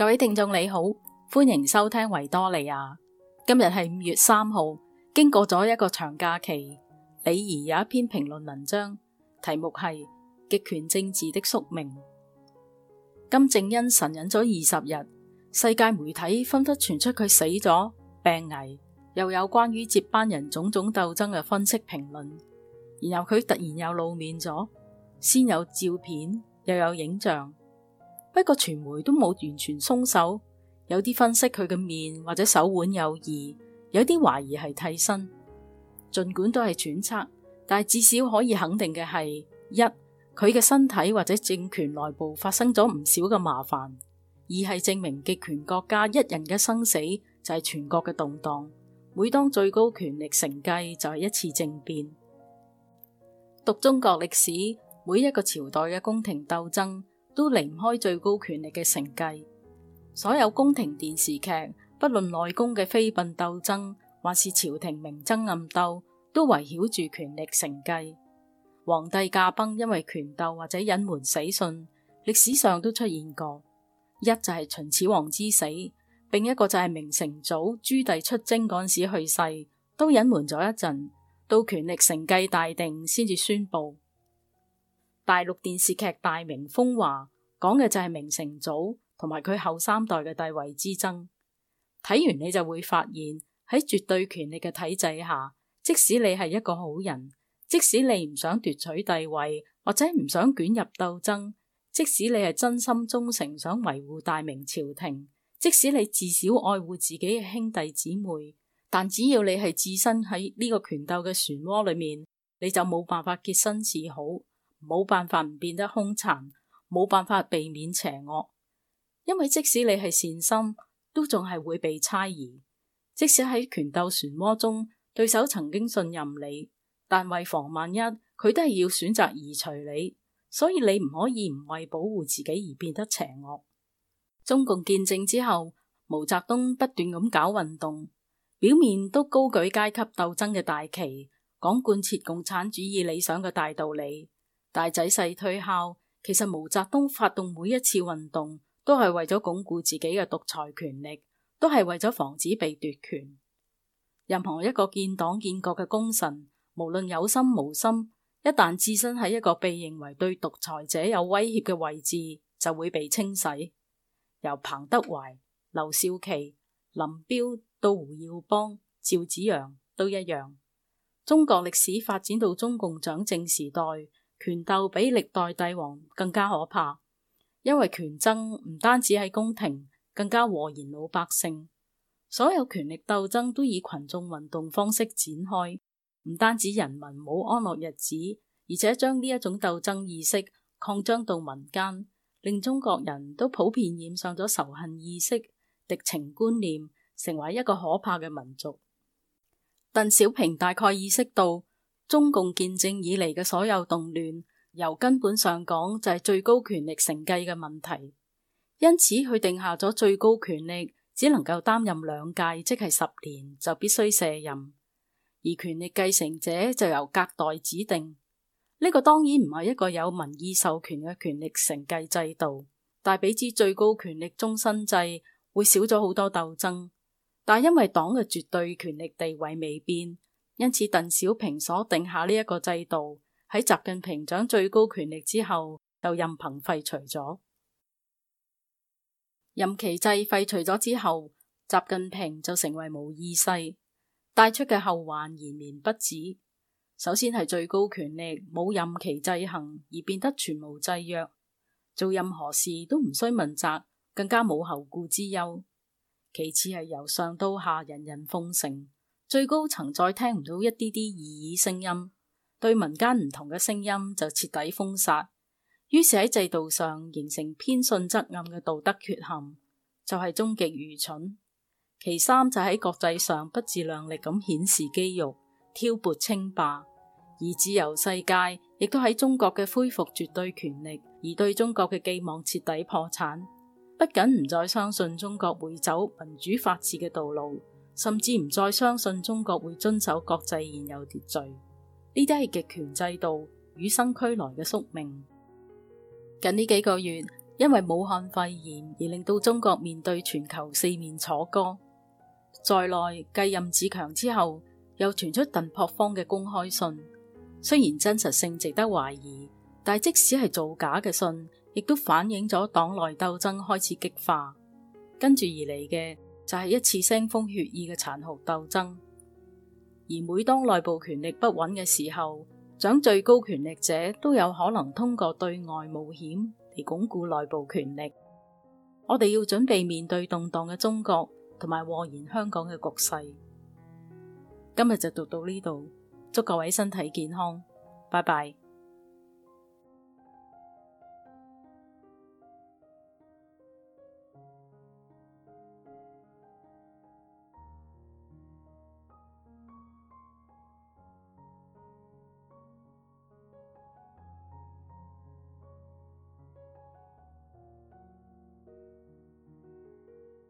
各位聽眾你好，歡迎收聽維多利亞。今日係五月三號，經過咗一個長假期，李怡有一篇評論文章，題目係《極權政治的宿命》。金正恩神隱咗二十日，世界媒體紛紛傳出佢死咗、病危，又有關於接班人種種鬥爭嘅分析評論。然後佢突然又露面咗，先有照片，又有影像。不過傳媒都冇完全鬆手，有啲分析佢嘅面或者手腕有異，有啲懷疑係替身。盡管都係揣測，但至少可以肯定嘅係：一，佢嘅身體或者政權內部發生咗唔少嘅麻煩；二係證明極權國家一人嘅生死就係全國嘅動盪。每當最高權力承繼就係一次政變。讀中國歷史，每一個朝代嘅宮廷鬥爭都離唔開最高權力嘅承繼，所有宮廷電視劇不論內宮嘅妃嬪鬥爭，還是朝廷明爭暗鬥，都圍繞住權力承繼。皇帝駕崩，因為權鬥或者隱瞞死訊，歷史上都出現過。一就係秦始皇之死，另一個就係明成祖朱棣出征嗰陣時去世，都隱瞞咗一陣，到權力承繼大定先至宣布。大陸電視劇《大明風華》講嘅就係明成祖同埋佢後三代嘅帝位之爭。睇完你就會發現喺絕對權力嘅體制下，即使你係一個好人，即使你唔想奪取帝位或者唔想捲入鬥爭，即使你係真心忠誠想維護大明朝廷，即使你至少愛護自己嘅兄弟姊妹，但只要你係置身喺呢個權鬥嘅漩渦裏面，你就冇辦法潔身自好。冇辦法唔變得兇殘，冇辦法避免邪惡。因為即使你係善心，都仲係會被猜疑。即使喺權鬥漩渦中，對手曾經信任你，但為防萬一，佢都係要選擇移除你。所以你唔可以唔為保護自己而變得邪惡。中共建政之後，毛澤東不斷咁搞運動，表面都高舉階級鬥爭嘅大旗，講貫徹共產主義理，理想嘅大道理。大仔細推敲，其實毛澤東發動每一次運動都係為咗鞏固自己嘅獨裁權力，都係為咗防止被奪權。任何一個建黨建國嘅功臣，無論有心無心，一旦置身喺一個被認為對獨裁者有威脅嘅位置，就會被清洗。由彭德懷、劉少奇、林彪到胡耀邦、趙紫陽都一樣。中國歷史發展到中共掌政時代。權鬥比歷代帝王更加可怕，因為權爭唔單止喺宮廷，更加禍延老百姓。所有權力鬥爭都以群眾運動方式展開，唔單止人民冇安樂日子，而且將呢一種鬥爭意識擴張到民間，令中國人都普遍染上咗仇恨意識、敵情觀念，成為一個可怕嘅民族。鄧小平大概意識到。中共建政以嚟嘅所有動亂，由根本上講就係最高權力承繼嘅問題。因此，佢定下咗最高權力只能夠擔任兩屆，即係十年就必須卸任，而權力繼承者就由隔代指定。呢、這個當然唔係一個有民意授權嘅權力承繼制度，但比之最高權力終身制會少咗好多鬥爭。但因為黨嘅絕對權力地位未變。因此，鄧小平所定下呢一個制度喺習近平掌最高權力之後就任憑廢除咗。任期制廢除咗之後，習近平就成為無意世，帶出嘅後患延綿不止。首先係最高權力冇任期制衡而變得全無制約，做任何事都唔需問責，更加冇後顧之憂。其次係由上到下人人奉承。最高層再聽唔到一啲啲異議聲音，對民間唔同嘅聲音就徹底封殺，於是喺制度上形成偏信則暗嘅道德缺陷，就係終極愚蠢。其三就喺國際上不自量力咁顯示肌肉，挑撥稱霸，而自由世界亦都喺中國嘅恢復絕對權力，而對中國嘅寄望徹底破產，不僅唔再相信中國會走民主法治嘅道路。甚至唔再相信中國會遵守國際現有秩序，呢啲係極權制度與生俱來嘅宿命。近呢幾個月，因為武漢肺炎而令到中國面對全球四面楚歌，在內繼任志強之後，又傳出鄧樸方嘅公開信，雖然真實性值得懷疑，但即使係造假嘅信，亦都反映咗黨內鬥爭開始激化，跟住而嚟嘅。就係一次腥風血雨嘅殘酷鬥爭，而每當內部權力不穩嘅時候，掌最高權力者都有可能通過對外冒險嚟鞏固內部權力。我哋要準備面對動盪嘅中國同埋禍延香港嘅局勢。今日就讀到呢度，祝各位身體健康，拜拜。